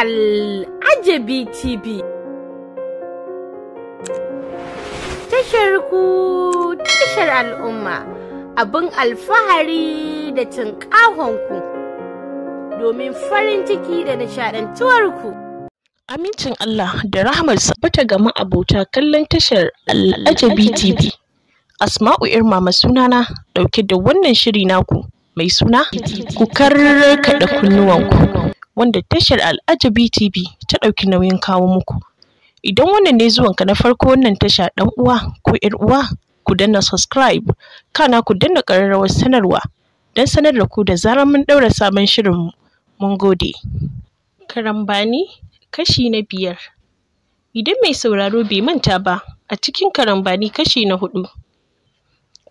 Al'ajabi TV. Tashar ku tashar al'umma abin alfahari da ku domin farin ciki da nishaɗantuwarku. Amincin Allah da rahmarsa bata gama abota kallon tashar Al'ajabi TV. Asma'u ma sunana dauke da wannan shiri naku mai suna ku karkaɗa kunnuwanku. wanda tashar Al'ajabi TV ta ɗauki nauyin kawo muku. Idan wannan ne zuwanka na farko wannan tasha ɗan uwa ko ‘yar uwa ku danna subscribe kana ku danna ƙararrawar sanarwa don sanar da ku da zarar mun ɗaura sabon shirin mun gode. Karambani kashi na biyar. Idan mai sauraro bai manta ba a cikin karambani kashi na hudu.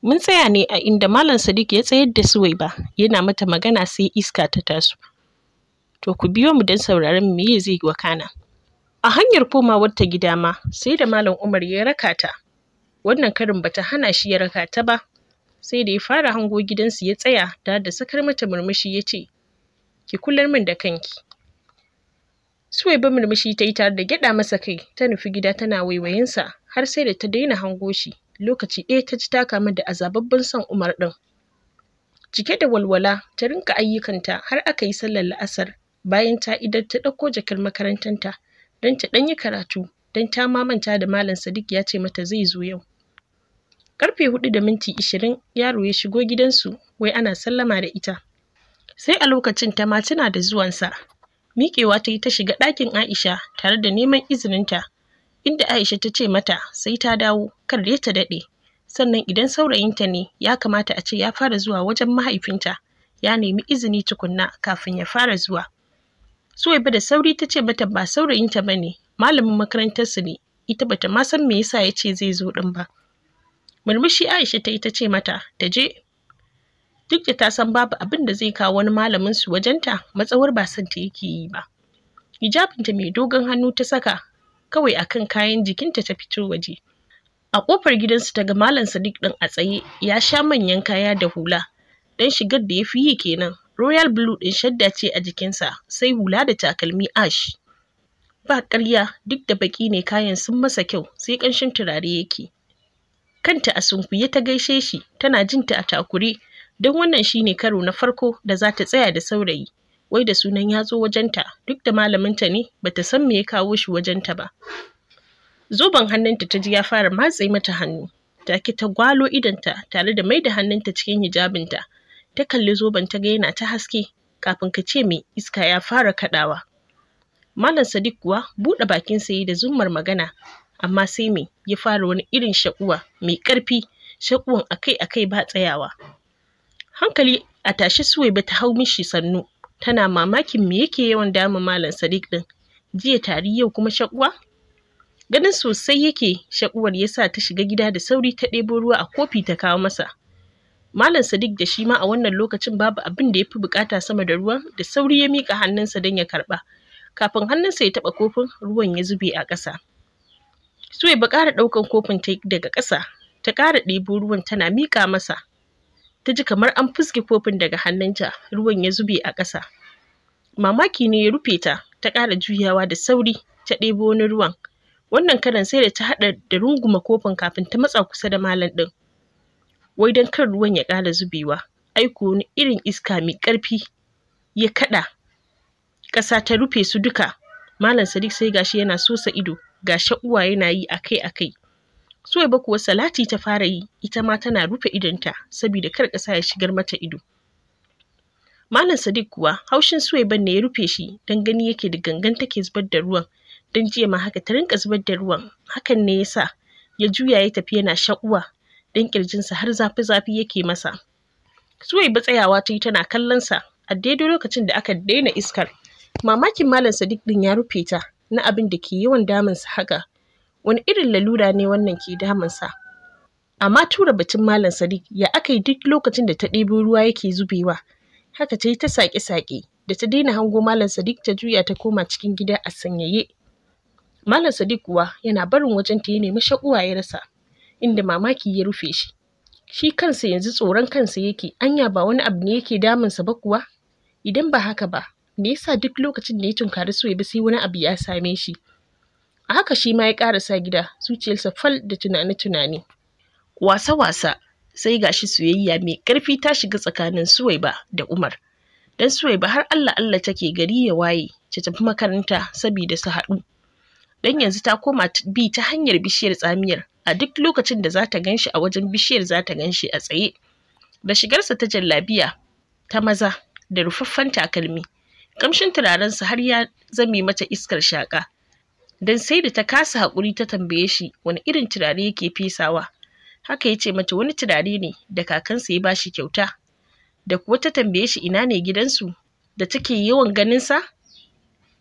Mun tsaya ne a inda Malam Sadiq ya tsayar da Suwaiba yana mata magana sai iska ta taso. to ku biyo mu don sauraron meye zai wakana. A hanyar komawar ta gida ma sai da Malam Umar ya raka ta. Wannan karin bata hana shi ya raka ta ba, sai da ya fara hango gidansu ya tsaya da da sakar mata murmushi ya ce, Ki kular min da kanki. Suwaiba murmushi ta yi tare da gyada masa kai ta nufi gida tana waiwayinsa har sai da ta daina hango shi lokaci ɗaya ta ji ta kama da azababban son Umar ɗin. Cike da walwala ta rinka ayyukanta har aka yi sallar la'asar bayan ta idan ta ɗauko jakar makarantanta don ta ɗan yi karatu don ta ma manta da malam sadiq ya ce mata zai zo yau karfe hudu da minti ashirin, yaro ya shigo gidansu wai ana sallama da ita sai a lokacin ta ma tuna da zuwansa miƙewa ta yi ta shiga ɗakin aisha tare da neman izininta inda aisha ta ce mata sai ta dawo kar dai ta daɗe sannan idan saurayinta ne ya kamata a ce ya fara zuwa wajen mahaifinta ya nemi izini tukunna kafin ya fara zuwa Suwaiba da sauri ta ce mata ba saurayinta ba ne, malamin makarantarsu ne, ita bata ma san me yasa ya ce zai zo ɗin ba. Murmushi Aisha ta ita ce mata, ta je. Duk da ta san babu abin da zai kawo wani malamin su wajenta, matsawar ba son ta yake yi ba. Hijabinta mai dogon hannu ta saka, kawai akan kayan jikinta ta fito waje. A ƙofar gidansu ta ga Malam Sadiq ɗin a tsaye, ya sha manyan kaya da hula, ɗan shigar da ya fi yi kenan Royal blue ɗin shadda ce a jikinsa, sai hula da takalmi ash. Ba ƙarya duk da baƙi ne kayan sun masa kyau sai ƙanshin turare yake. Kanta a sunkuye ta gaishe shi tana jinta a takure don wannan shine karo na farko da za ta tsaya da saurayi. Wai da sunan ya zo wajenta duk da malaminta ne bata san me ya kawo shi wajenta ba. Zoben hannunta ta ji ya fara matse mata hannu. Take ta gwalo idanta tare da mai da hannunta cikin hijabinta. ta kalli zoben ta ga yana ta haske kafin ka ce mai iska ya fara kaɗawa. Malam Sadiq kuwa buɗe bakin sa da zummar magana amma sai me ya fara wani irin shakuwa mai ƙarfi shakuwan akai-akai ba tsayawa. Hankali a tashe Suwaiba ta hau mishi sannu tana mamakin me yake yawan damun Malam Sadiq din. Jiya tari yau kuma shakuwa? Ganin sosai yake shakuwar ya sa ta shiga gida da sauri ta ɗebo ruwa a kofi ta kawo masa. Malam Sadiq da shi ma a wannan lokacin babu abin da ya fi bukata sama da ruwan da sauri ya miƙa hannunsa don ya karɓa. Kafin hannunsa ya taɓa kofin ruwan ya zube a ƙasa. Suwai ba ƙara ɗaukan kofin ta daga ƙasa ta ƙara ɗebo ruwan tana miƙa masa. Ta ji kamar an fuske kofin daga hannunta ruwan ya zube a ƙasa. Mamaki ne ya rufe ta ta ƙara juyawa da sauri ta ɗebo wani ruwan. Wannan karan sai da ta haɗa da runguma kofin kafin ta matsa kusa da malam ɗin. wai don kar ruwan ya ƙara zubewa aiko wani irin iska mai ƙarfi ya kaɗa ƙasa ta rufe su duka malam sadiq sai gashi yana sosa ido ga sha'uwa yana yi akai akai suwaiba kuwa salati ta fara yi ita ma tana rufe idonta saboda kar ƙasa ya shigar mata ido malam sadiq kuwa haushin suwaiban ne ya rufe shi don gani yake da gangan take zubar da ruwan don jiya ma haka ta rinka zubar da ruwan hakan ne yasa ya juya ya tafi yana sha'uwa. don ƙirjinsa har zafi-zafi yake masa. Suwaiba tsayawa ta yi tana kallon sa a daidai lokacin da aka daina iskar. Mamakin Malam Sadiq din ya rufe ta na abin da ke yawan damunsa haka. Wani irin lalura ne wannan ke damunsa? Amma tura batun Malam Sadiq ya aka yi duk lokacin da ta ɗebo ruwa yake zubewa. Haka ta yi ta saƙe-saƙe da ta daina hango Malam Sadiq ta juya ta koma cikin gida a sanyaye. Malam Sadiq kuwa yana barin wajen ta ya nemi shaƙuwa ya rasa. inda mamaki ya rufe shi shi kansa yanzu tsoron kansa yake anya ba wani abu ne yake damunsa ba kuwa idan ba haka ba me yasa duk lokacin da ya tunkari Suwaiba ba sai wani abu ya same shi a haka shi ma ya karasa gida zuciyarsa fal da tunani-tunani. wasa-wasa sai gashi soyayya mai karfi ta shiga tsakanin Suwaiba da Umar. Dan Suwaiba har Allah Allah take gari ya waye ta tafi makaranta saboda su haɗu. Dan yanzu ta koma bi ta hanyar bishiyar tsamiyar a duk lokacin da za ta gan shi a wajen bishiyar za ta gan shi a tsaye da shigarsa ta jallabiya ta maza da rufaffen takalmi kamshin turarensa har ya zame mata iskar shaƙa don sai da ta kasa haƙuri ta tambaye shi wani irin turare yake fesawa haka ya ce mata wani turare ne da kakansa ya bashi kyauta da kuwa ta tambaye shi ina ne gidansu da take yawan ganinsa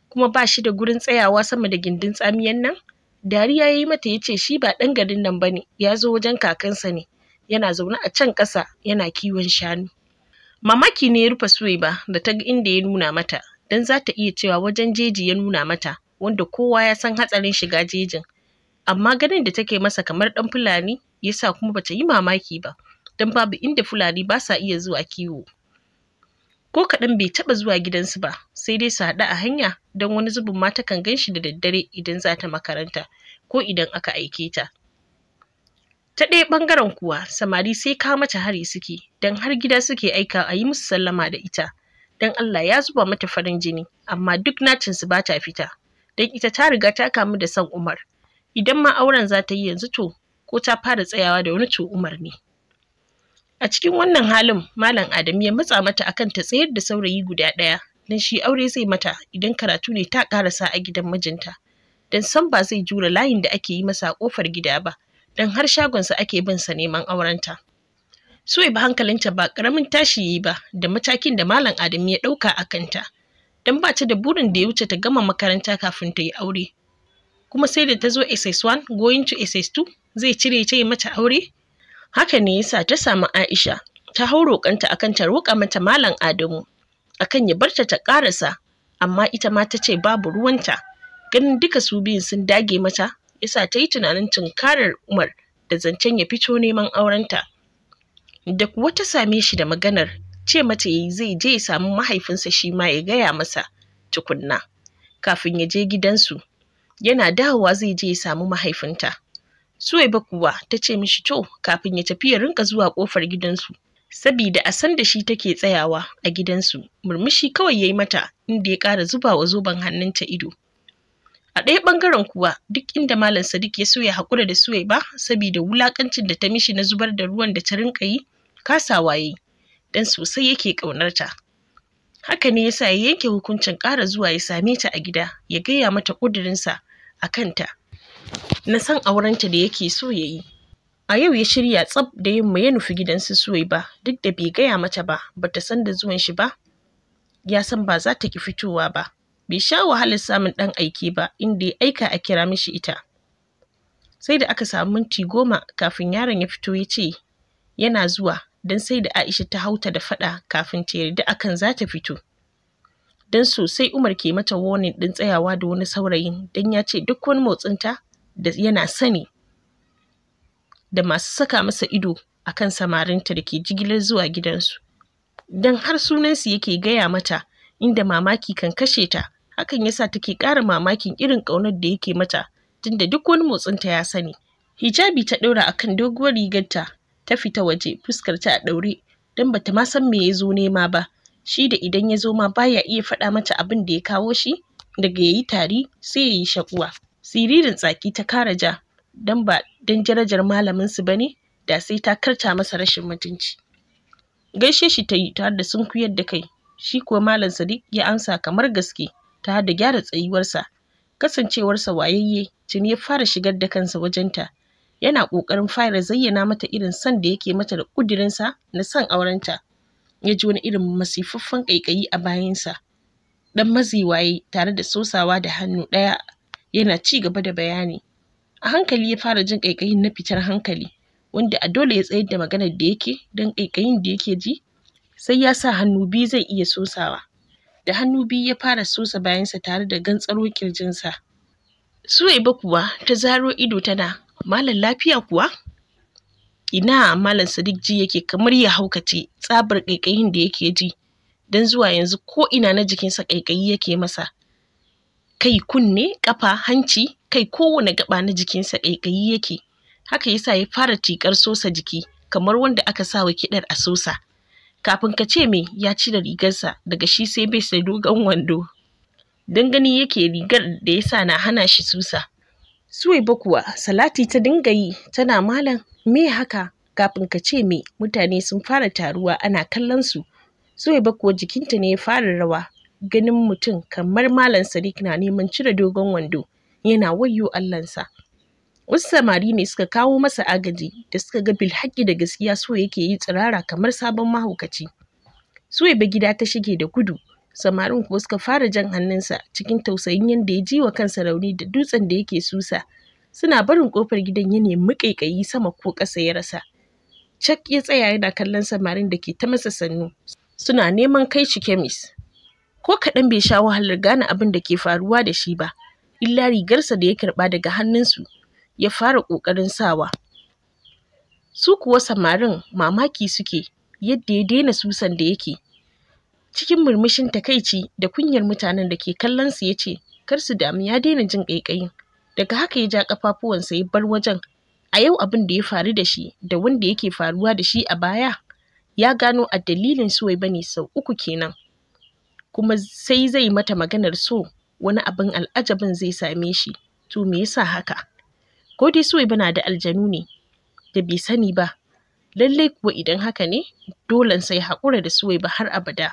kuma ba shi da gurin tsayawa sama da gindin tsamiyan nan dariya ya yi mata ya ce shi ba ɗan garin nan ba ne ya zo wajen kakansa ne yana zaune a can ƙasa yana kiwon shanu mamaki ne ya rufe suwaiba da ta inda ya nuna mata don za ta iya cewa wajen jeji ya nuna mata wanda kowa ya san hatsarin shiga jejin amma ganin da take masa kamar ɗan fulani yasa kuma bata yi mamaki ba don babu inda fulani ba sa iya zuwa kiwo ko kaɗan bai taɓa zuwa gidansu ba sai dai su haɗu a hanya don wani zubin mata kan gan shi da daddare idan za ta makaranta ko idan aka aike ta ta ɗaya ɓangaren kuwa samari sai ka mata hari suke don har gida suke aika a yi musu sallama da ita don Allah ya zuba mata farin jini amma duk nacinsu ba ta fita don ita ta riga ta kamu da son Umar idan ma auren za ta yi yanzu to ko ta fara tsayawa da wani to Umar ne A cikin wannan halin Malam Adamu ya matsa mata akan ta tsayar da saurayi guda ɗaya don shi aure zai mata idan karatu ne ta karasa a gidan mijinta. Don san ba zai jura layin da ake yi masa a ƙofar gida ba don har shagonsa ake bin sa neman aurenta. Suwai ba hankalinta ba ƙaramin tashi yi ba da matakin da Malam Adamu ya ɗauka a kanta. Don ba ta da burin da ya wuce ta gama makaranta kafin ta yi aure. Kuma sai da ta zo SS1 going to SS2 zai cire ce mata aure haka ne yasa ta samu Aisha ta hau haurokanta akan ta roƙa mata malam Adamu akan ya barta ta ƙarasa amma ita ma ta ce babu ruwanta ganin duka su biyun sun dage mata yasa ta yi tunanin tunkarar Umar da zancen ya fito neman aurenta da kuwa ta same shi da maganar ce mata yayi zai je ya samu mahaifinsa shi ma ya gaya masa tukunna kafin ya je gidansu yana dawowa zai je ya samu mahaifinta Suwaiba kuwa ta ce mishi to kafin ya tafi ya rinka zuwa kofar gidansu. Sabida a san da shi take tsayawa a gidansu, murmushi kawai ya yi mata inda ya ƙara zuba wa zoben hannunta ido. A ɗaya ɓangaren kuwa duk inda Malam Sadiq ya so ya haƙura da Suwaiba sabida wulaƙancin da ta mishi na zubar da ruwan da ta rinka yi, kasawa ya yi, don sosai yake ƙaunarta. Haka ne ya sa ya yanke hukuncin ƙara zuwa ya same ta a gida ya gaya mata ƙudurinsa a kanta na san aurenta da yake so ya yi a yau ya shirya tsab da yamma ya nufi gidansu suwai ba duk da bai gaya mata ba ba ta san da zuwan shi ba ya san ba za ta ki fitowa ba bai sha wahalar samun ɗan aiki ba inda ya aika a kira mishi ita sai da aka samu minti goma kafin yaron ya fito ya ce yana zuwa don sai da Aisha ta hauta da faɗa kafin ta yarda akan za ta fito. Don sosai Umar ke mata warning ɗin tsayawa da wani saurayin don ya ce duk wani motsinta da yana sani da masu saka masa ido a kan samarinta da ke jigilar zuwa gidansu don har sunansu yake gaya mata inda mamaki kan kashe ta hakan yasa take ƙara mamakin irin ƙaunar da yake mata tunda duk wani motsinta ya sani hijabi ta ɗaura a kan doguwar rigarta ta fita waje fuskarta a ɗaure don bata ma san me ya zo nema ba shi da idan ya zo ma baya iya faɗa mata abin da ya kawo shi daga ya yi tari sai ya yi shakuwa siririn tsaki ta kara ja don ba don jarajar malaminsu ba ne da sai ta karta masa rashin mutunci gaishe shi ta yi tare da sunkuyar da kai shi kuwa malam sadiq ya amsa kamar gaske ta da gyara tsayuwarsa kasancewarsa wayayye tuni ya fara shigar da kansa wajenta yana ƙoƙarin fara zayyana mata irin son da yake mata da ƙudirinsa na son aurenta ya ji wani irin masifaffen ƙaiƙayi a bayansa ɗan maziwaye tare da sosawa da hannu ɗaya yana ci gaba da bayani a hankali ya fara jin ƙaiƙayin na fitar hankali wanda a dole ya tsayar da maganar da yake don ƙaiƙayin da yake ji sai ya sa hannu biyu zai iya sosawa da hannu biyu ya fara sosa bayansa tare da gantsaro kirjinsa suwaiba kuwa ta zaro ido tana malam lafiya kuwa ina malam sadiq ji yake kamar ya haukace tsabar ƙaiƙayin da yake ji don zuwa yanzu ko ina na jikinsa ƙaiƙayi yake masa kai kunne kafa hanci kai kowane gaba na jikinsa ƙaiƙayi yake haka yasa ya fara tikar sosa jiki kamar wanda aka sa wa kiɗar a sosa kafin ka ce me ya cire rigarsa daga shi sai bai sai dogon wando dan gani yake rigar da ya sa na hana shi susa suwaiba kuwa salati ta dinga yi tana malam me haka kafin ka ce me mutane sun fara taruwa ana kallon su suwaiba kuwa jikinta ne ya fara rawa ganin mutum kamar Malam Sadiq na neman cire dogon wando yana wayo Allahnsa. Wasu samari ne suka kawo masa agaji da suka ga bilhaki da gaskiya so yake yi tsirara kamar sabon mahaukaci. Suwaiba gida ta shige da gudu, samarin kuwa suka fara jan hannunsa cikin tausayin yadda ya ji wa kansa rauni da dutsen da yake susa. Suna barin kofar gidan ya nemi kaikayi sama ko ƙasa ya rasa. Cak ya tsaya yana kallon samarin da ke ta masa sannu. Suna neman kai shi kemis. ko kaɗan bai sha wahalar gane abin da ke faruwa da shi ba illa rigarsa da ya karɓa daga hannunsu ya fara ƙoƙarin sawa su kuwa samarin mamaki suke yadda ya daina susan da yake cikin murmushin takaici da kunyar mutanen da ke kallon su ya ce kar su damu ya daina jin ƙaiƙayin daga haka ya ja ƙafafuwansa ya bar wajen a yau abin da ya faru da shi da wanda yake faruwa da shi a baya ya gano a dalilin suwai bane sau uku kenan kuma sai zai mata maganar so wani abin al'ajabin zai same shi to me yasa haka ko dai so bana da aljanu ne da bai sani ba lallai kuwa idan haka ne dolen sai haƙura da suwai ba har abada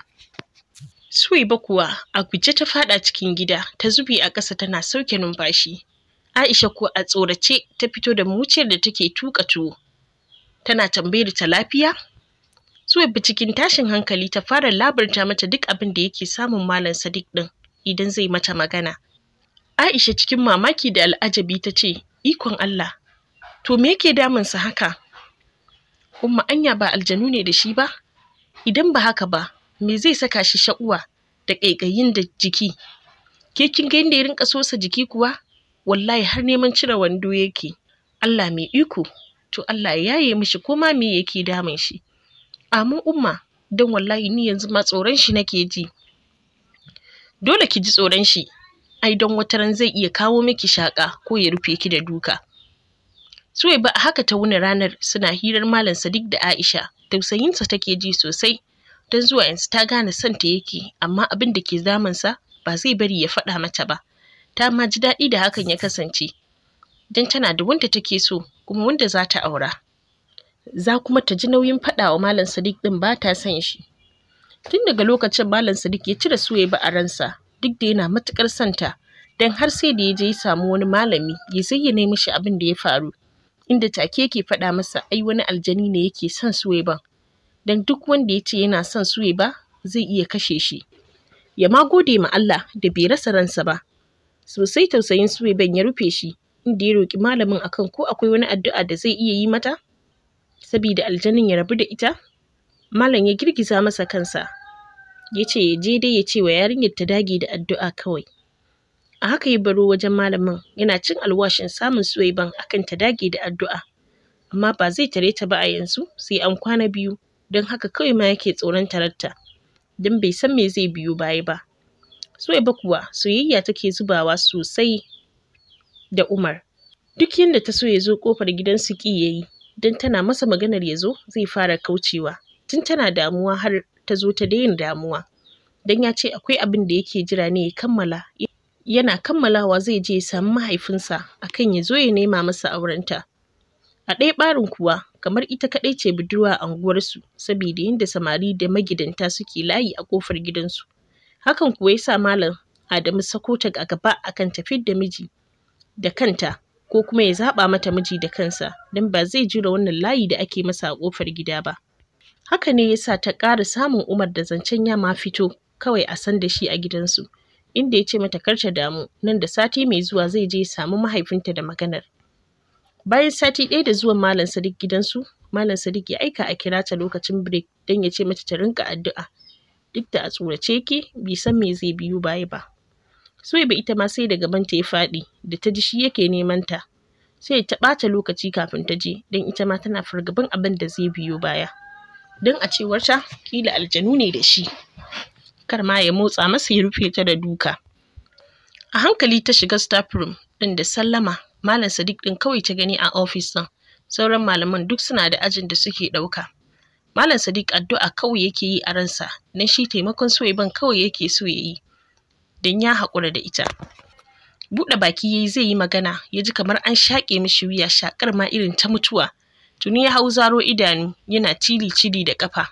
suwai ba kuwa a guje ta faɗa cikin gida ta zubi a ƙasa tana sauke numfashi aisha kuwa a tsorace ta fito da muciyar da take tuƙa tuwo tana tambayar ta lafiya Zuwa cikin tashin hankali ta fara labarta mata duk abin da yake samun Malam Sadiq din idan zai mata magana. Aisha cikin mamaki da al'ajabi ta ce, "Ikon Allah, to me yake damunsa haka?" Umma anya ba aljanu ne da shi ba? Idan ba haka ba, me zai saka shi sha'uwa da ƙaiƙayin da jiki? Ke kin ga inda ya rinka sosa jiki kuwa? Wallahi har neman cire wando yake. Allah mai iko, to Allah ya yaye mishi koma me yake damun shi. amin umma don wallahi ni yanzu ma tsoron shi nake ji dole ki ji tsoron shi ai don wata ran zai iya kawo miki shaka ko ya rufe ki da duka suwai ba haka ta wuni ranar suna hirar malam sadiq da aisha tausayinsa take ji sosai don zuwa yanzu ta gane son ta yake amma abin da ke zamansa ba zai bari ya faɗa mata ba ta ma ji daɗi da hakan ya kasance don tana da wanda take so kuma wanda za ta aura za kuma ta ji nauyin faɗa wa malam sadiq ɗin ba ta son shi tun daga lokacin malam sadiq ya cire suwaiba a ransa duk da yana matuƙar santa don har sai da ya je ya samu wani malami ya zayyana mishi abin da ya faru inda take yake faɗa masa ai wani aljani ne yake son suwaiban don duk wanda ya ce yana son suwaiba zai iya kashe shi ya ma gode ma Allah da bai rasa ransa ba sosai tausayin suwaiban ya rufe shi inda ya roƙi malamin akan ko akwai wani addu'a da zai iya yi mata saboda aljanin ya rabu da ita malam ya girgiza masa kansa ya ce ya je dai ya ce wa yarinyar ta dage da addu'a kawai a haka ya baro wajen malamin yana cin alwashin samun suwaiban akan ta dage da addu'a amma ba zai tare ta ba a yanzu sai an kwana biyu don haka kawai ma yake tsoron tararta don bai san me zai biyo baya ba suwaiba kuwa soyayya take zubawa sosai da umar duk yadda ta so ya zo kofar gidan su ki yayi don tana masa maganar ya zo zai fara kaucewa tun tana damuwa har ta zo ta daina damuwa don ya ce akwai abin da yake jira ne ya kammala yana kammalawa zai je ya samu mahaifinsa akan ya zo ya nema masa aurenta a ɗaya ɓarin kuwa kamar ita kaɗai ce budurwa a unguwarsu saboda yadda samari da magidanta suke layi a ƙofar gidansu hakan kuwa ya sa malam Adamu sako a gaba akan tafi da miji da kanta ko kuma ya zaɓa mata miji da kansa don ba zai jure wannan layi da ake masa a ƙofar gida ba. Haka ne ya sa ta ƙara samun Umar da zancen ya ma fito kawai a san da shi a gidansu, inda ya ce mata kar ta damu nan da sati mai zuwa zai je samu mahaifinta da maganar. Bayan sati ɗaya da zuwan Malam Sadiq gidansu, Malam Sadik ya aika a kira ta lokacin break don ya ce mata ta rinka addu'a. Duk da a tsorace yake bai san me zai biyu baya ba. Suwaiba ita ma sai da gaban ta ya faɗi da ta ji shi yake neman ta. Sai ta ɓata lokaci kafin ta je don ita ma tana fargaban abin da zai biyo baya. Don a cewar ta kila aljanu ne da shi. Kar ma ya motsa masa ya rufe ta da duka. A hankali ta shiga staff room ɗin da sallama Malam Sadiq ɗin kawai ta gani a ofis ɗin. Sauran malaman duk suna da ajin da suke ɗauka. Malam Sadiq addu'a kawai yake yi a ransa, na shi taimakon Suwaiban kawai yake so ya yi. don ya haƙura da ita buɗe baki yayi zai yi magana ya ji kamar an shaƙe mishi wuya shaƙar ma irin ta mutuwa tuni ya hau zaro idanu yana cili cili da ƙafa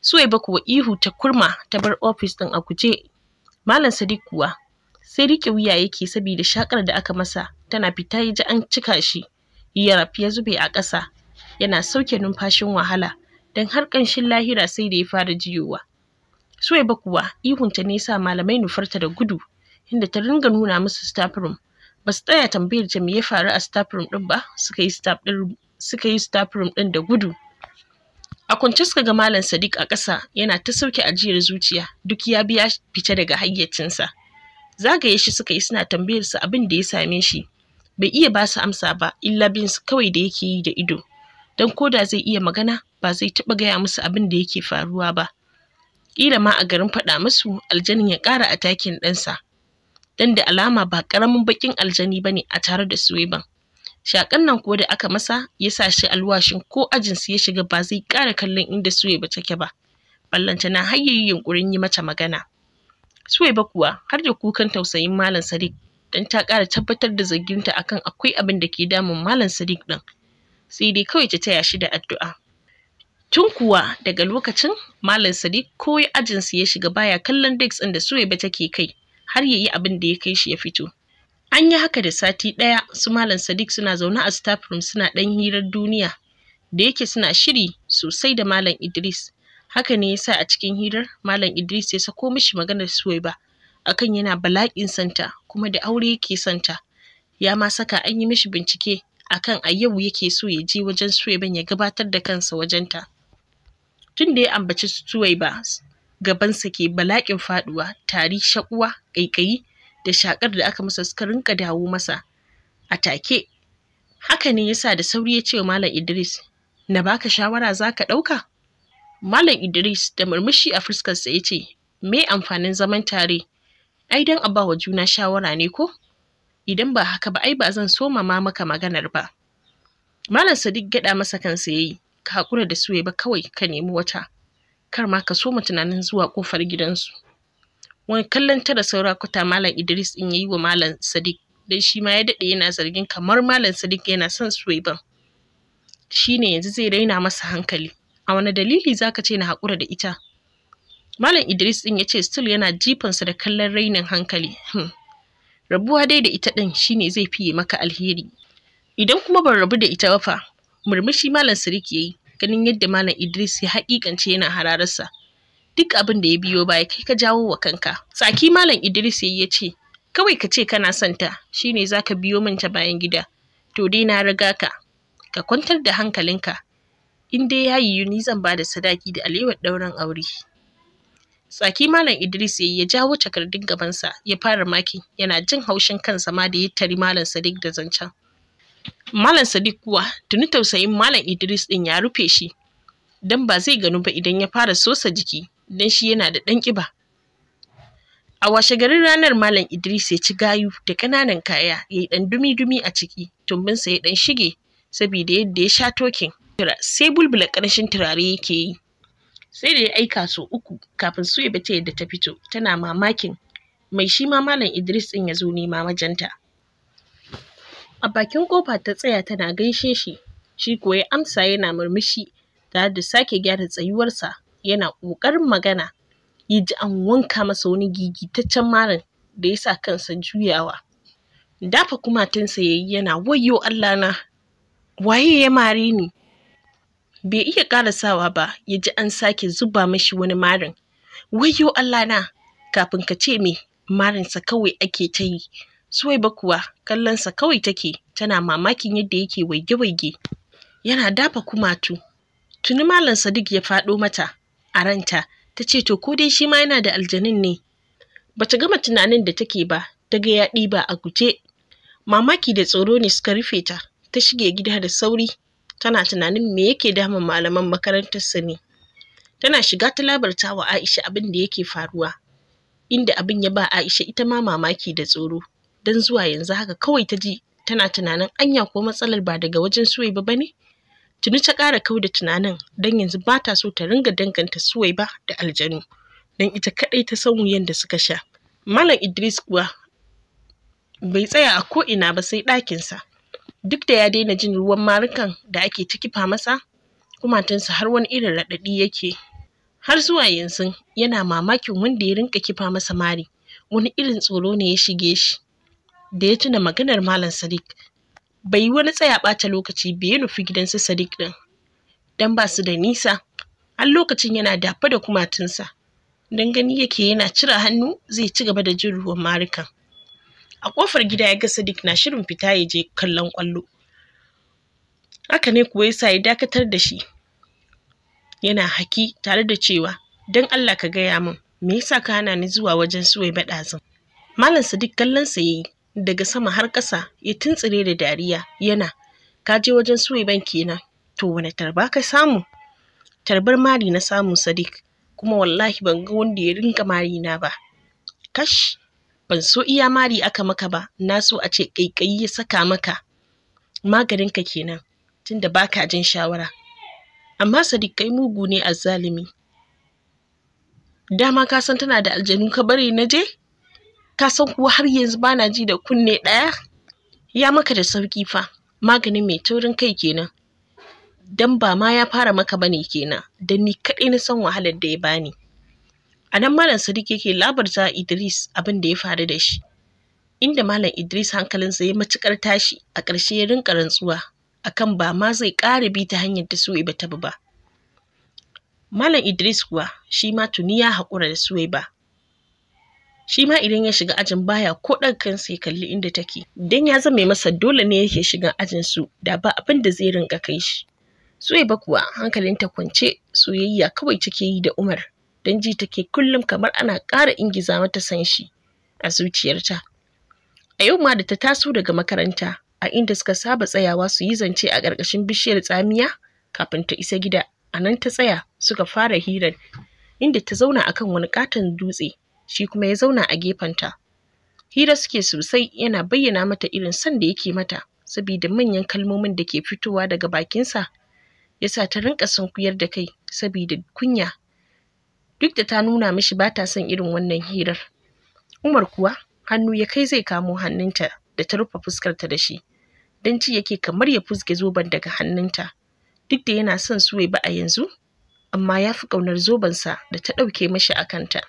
suwaiba kuwa ihu ta kurma ta bar ofis ɗin a guje malam sadiq kuwa sai riƙe wuya yake saboda shaƙar da aka masa tana fita ya ji an cika shi yaraf ya zube a ƙasa yana sauke numfashin wahala don har ƙanshin lahira sai da ya fara jiyowa Suwaiba kuwa ihunta ne sa malamai nufarta da gudu inda ta ringa nuna musu staff room. Ba su tsaya tambayar ta me ya faru a staff room din ba suka yi staff din suka yi staff room din da gudu. A kwance suka ga Malam Sadiq a ƙasa yana ta sauke ajiyar zuciya duk ya biya fita daga hayyacinsa. Zagaye shi suka yi suna tambayar sa abin da ya same shi. Bai iya ba su amsa ba illa bin su kawai da yake yi da ido. Don ko da zai iya magana ba zai taɓa gaya musu abin da yake faruwa ba. Kila ma a garin faɗa musu aljanin ya ƙara a takin ɗansa don da alama ba ƙaramin baƙin aljani ba ne a tare da suweban shaƙan nan kuwa da aka masa ya sa shi alwashin ko ajinsu ya shiga ba zai ƙara kallon inda suweba take ba ballanta na har yunƙurin yi mata magana ba kuwa har da kukan tausayin malam sadiq don ta ƙara tabbatar da zarginta akan akwai abin da ke damun malam sadiq ɗin sai dai kawai ta taya shi da addu'a tun kuwa daga lokacin malam sadiq ko ajinsu ya shiga baya kallon dex ɗin da suwaiba take kai har ya yi abin da ya kai shi ya fito an yi haka da sati ɗaya su malam sadiq suna zaune a staff suna ɗan hirar duniya da yake suna shiri sosai da malam idris haka ne ya sa a cikin hirar malam idris ya sako mishi maganar suwaiba akan yana bala'in santa kuma da aure yake santa ya ma saka an yi mishi bincike akan a yau yake so ya je wajen suwaiban ya gabatar da kansa wajenta tun da ya ambaci Suwaiba gabansa ke balaƙin faduwa tari shakuwa ƙaiƙayi da shakar da aka masa suka rinka dawo masa a take haka ne yasa da sauri ya ce wa malam Idris na baka shawara za ka ɗauka malam Idris da murmushi a fuskarsa ya ce me amfanin zaman tare ai don a ba wa juna shawara ne ko idan ba haka ba ai ba zan so ma maka maganar ba malam Sadiq gada masa kansa yayi ka haƙura da su ba kawai ka nemi wata kar ma ka soma tunanin zuwa ƙofar gidansu wani kallon tara saura kwata malam idris in yayi wa malam sadiq dan shi ma ya daɗe yana zargin kamar malam sadiq yana son su suwaiban shine yanzu zai raina masa hankali a wani dalili zaka ce na haƙura da ita malam idris din ya ce still yana jifan jifansa da kallon rainin hankali hmm. rabuwa dai da ita ɗin shine zai fiye maka alheri idan kuma ban rabu da ita ba fa murmushi malam siriki yayi ganin yadda malam idris ya hakikance yana hararsa duk abin da ya biyo baya kai ka jawo wa kanka tsaki malam idris yayi ya ce kawai ka ce kana son ta shine zaka biyo min ta bayan gida to dai na riga ka ka kwantar da hankalinka in dai ya yuni ni zan bada sadaki da alewar ɗaurin aure tsaki malam idris yayi ya jawo takardun gabansa ya fara maki yana jin haushin kansa ma da ya tari malam sadiq da zancen Malam Sadiq kuwa tuni tausayin Malam Idris din ya rufe shi, don ba zai gano ba idan ya fara sosa jiki, don shi yana da ɗan ƙiba. A washe garin ranar Malam Idris ya ci gayu da ƙananan kaya ya yi ɗan dumi-dumi a ciki, tumbinsa ya ɗan shige, saboda yadda ya sha tokin. Sai bulbula ƙarshen turare yake yi. Sai da ya aika so uku kafin su ta yadda ta fito, tana mamakin mai shi ma Malam Idris ɗin ya zo nema majanta. A bakin ƙofa ta tsaya tana gaishe shi, shi kuwa ya amsa yana murmushi tare da sake gyara tsayuwarsa yana ƙoƙarin magana. Ya ji an wanka masa wani gigitaccen marin da ya sa kansa juyawa. Dafa kumatunsa ya yi yana wayyo Allah na, waye ya mare ni? Bai iya ƙarasawa ba ya ji an sake zuba mashi wani marin. Wayyo Allah na, kafin ka ce me marinsa kawai ake ta yi. Suwaiba kuwa kallonsa kawai take tana mamakin yadda yake waige-waige. Yana dafa kumatu. Tuni Malam Sadiq ya faɗo mata a ranta ta ce to ko dai shi ma yana da aljanin ne. Bata gama tunanin da take ba daga ya ɗiba a guje. Mamaki da tsoro ne suka rufe ta ta shige gida da sauri tana tunanin me yake damun malaman makarantarsa ne. Tana shiga ta labarta wa Aisha abin da yake faruwa inda abin ya ba Aisha ita ma mamaki da tsoro. don zuwa yanzu haka kawai ta ji tana tunanin anya ko matsalar ba daga wajen suwai ba bane tuni ta ƙara kau da tunanin don yanzu ba ta so ta ringa danganta suwai ba da aljanu don ita kaɗai ta san wuyan da suka sha malam idris kuwa bai tsaya a ko'ina ba sai ɗakinsa duk da ya daina jin ruwan marukan da ake ta kifa masa sa har wani irin raɗaɗi yake har zuwa yanzu yana mamakin wanda ya rinka kifa masa mari wani irin tsoro ne ya shige shi da ya tuna maganar Malam Sadiq. Bai yi wani tsaya ɓata lokaci bai ya nufi gidansa Sadiq ɗin. Dan ba su da nisa, an lokacin yana dafa da kumatunsa. Dan gani yake yana cire hannu zai ci gaba da jin ruwan marikan. A ƙofar gida ya ga Sadiq na shirin fita ya je kallon ƙwallo. Haka ne kuwa ya sa ya dakatar da shi. Yana haki tare da cewa, dan Allah ka gaya min, me yasa ka hana ni zuwa wajen suwai baɗazin? Malam Sadiq kallon sa yayi daga sama har ƙasa ya tuntsire da dariya yana ka je wajen suwaiban kenan to wani tarba ka samu tarbar mari na samu sadiq kuma wallahi ban ga wanda ya rinka mari na ba kash ban so iya mari aka maka ba na so a ce ƙaiƙayi ya saka maka maganin ka kenan tunda baka jin shawara amma sadiq kai mugu ne azzalumi dama ka san tana da aljanu ka bari na je ka san kuwa har yanzu ba na ji da kunne ɗaya ya maka da sauƙi fa maganin mai taurin kai kenan dan ba ma ya fara maka bane kenan dan ni kaɗai na san wahalar da ya bani a nan malam sadiq yake labarta idris abin da ya faru da shi inda malam idris hankalinsa ya matuƙar tashi a ƙarshe ya rinka rantsuwa akan ba ma zai ƙara bi ta hanyar da suwaiba ta bi ba malam idris kuwa shi ma tuni ya haƙura da suwaiba shi ma idan ya shiga ajin baya ko ɗan kansa ya kalli inda take idan ya zama masa dole ne yake shiga ajin su da ba abin da zai rinka kai shi Suwaiba kuwa ta kwance soyayya kawai take yi da Umar don ji take kullum kamar ana ƙara ingiza mata san shi a zuciyarta. A yau ma da ta taso daga makaranta a inda suka saba tsayawa su yi zance a ƙarƙashin bishiyar tsamiya kafin ta isa gida a nan ta tsaya suka fara hirar inda ta zauna akan wani katon dutse shi kuma ya zauna a gefenta hira suke sosai yana bayyana mata irin son da yake mata saboda manyan kalmomin da ke fitowa daga bakinsa ya sa ta rinka sunkuyar da kai saboda kunya duk da ta nuna mishi ba ta son irin wannan hirar umar kuwa hannu ya kai zai kamo hannunta da ta rufe fuskarta da shi don ci yake kamar ya fuske zoben daga hannunta duk da yana son suwai ba a yanzu amma ya fi ƙaunar zobensa da ta ɗauke mashi a kanta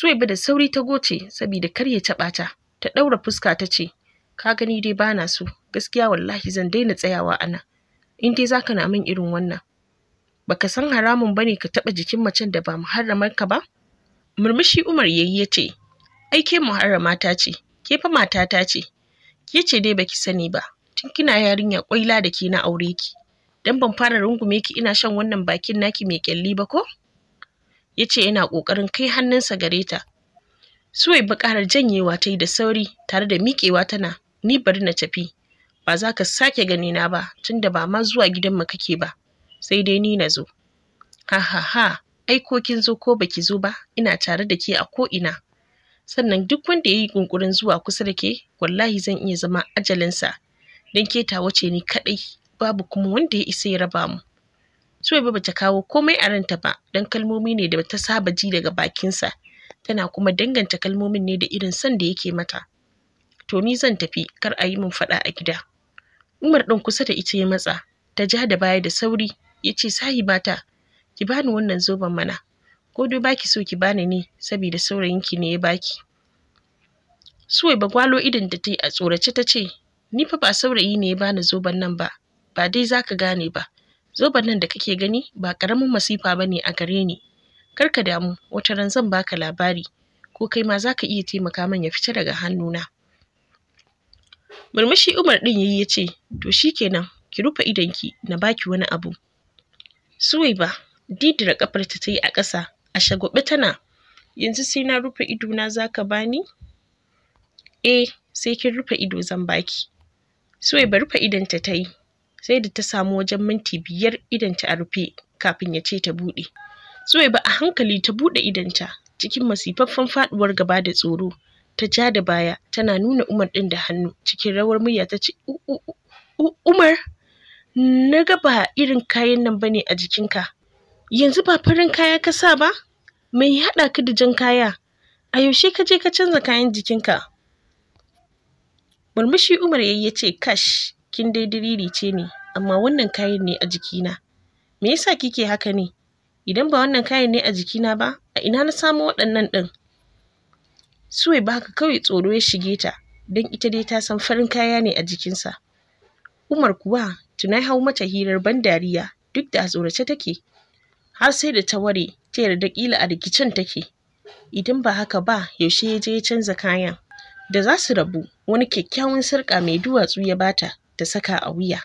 Suwaiba da sauri ta goce saboda kar ya taɓa ta. Ta ɗaura fuska ta ce, ka gani dai bana so, gaskiya wallahi zan daina tsayawa ana. In dai zaka na min irin wannan. Baka san haramun bane ka taɓa jikin macen da ba muharramar ka ba? Murmushi Umar yayi ya ce, aike muharrama ta ce, ke fa mata ta ce, ke ce dai baki sani ba, tun kina yarinya kwaila da ke na aure ki. Dan ban fara rungume ki ina shan wannan bakin naki mai kyalli ba ko? ya ce yana ƙoƙarin kai hannunsa gare ta suwai buƙarar janyewa ta yi da sauri tare da miƙewa tana ni bari na tafi ba za ka sake ganina ba tunda ba ma zuwa gidanmu kake ba sai dai ni na zo ha ha ha ai ko kin zo ko baki zo ba ina tare da ke a ko ina sannan duk wanda ya yi ƙunƙurin zuwa kusa da ke wallahi zan iya zama ajalinsa don keta wace ni kaɗai babu kuma wanda ya isa ya raba mu Suwaiba bata kawo komai a ranta ba don kalmomi ne da ta saba ji daga bakinsa tana kuma danganta kalmomin ne da irin son da yake mata. To ni zan tafi kar a yi min faɗa a gida. Umar ɗin kusa da ita ya matsa ta ja da baya da sauri ya ce sahi bata ki bani wannan zoben mana ko dai baki so ki bani ne saboda saurayinki ne ya baki. Suwaiba gwalo idan da ta yi a tsorace ta ce ni fa ba saurayi ne ya bani zoben nan ba ba dai za ka gane ba zoben nan da kake gani ba ƙaramin masifa ba ne a gare ni kar ka damu wata ran zan baka labari ko kai ma za ka iya taimaka man ya fita daga hannuna murmushi umar ɗin yayi ya ce to kenan ki rufe idonki na baki wani abu suwaiba didira kafar ta yi a ƙasa a shagwaɓe tana yanzu sai na rufe idona za ka bani eh sai kin rufe ido zan baki suwaiba rufe idonta ta yi sai da ta samu wajen minti biyar idanta a rufe kafin ya ce ta buɗe ba a hankali ta buɗe idanta cikin masifaffen faɗuwar gaba da tsoro ta ja da baya tana nuna umar ɗin da hannu cikin rawar murya ta ce umar na ga ba irin kayan nan bane a jikinka yanzu ba farin kaya ka sa ba mai haɗa ka da jan kaya a yaushe ka je ka canza kayan jikinka murmushi umar yayi ya ce kash kin dai diriri ce ne amma wannan kayan ne a jikina me yasa kike haka ne idan ba wannan kayan ne a jikina ba a ina na samo waɗannan ɗin suwai ba haka kawai tsoro ya shige ta don ita dai ta san farin kaya ne a jikinsa umar kuwa tunai hau mata hirar ban dariya duk da a tsorace take har sai da ta ware ta yarda kila a rikicin take idan ba haka ba yaushe ya je ya canza kayan da za su rabu wani kyakkyawan sarƙa mai duwatsu ya bata ta saka a wuya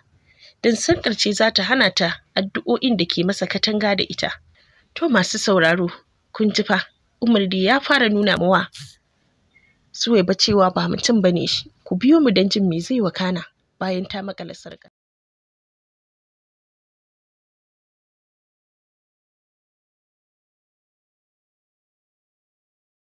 don sankarce za ta hana ta addu'o'in da ke masa katanga da ita to masu sauraro kun ji fa umarni ya fara nuna mawa suwaiba cewa ba mutum bane shi ku biyo mu don jin me zai wakana bayan ta makala sarka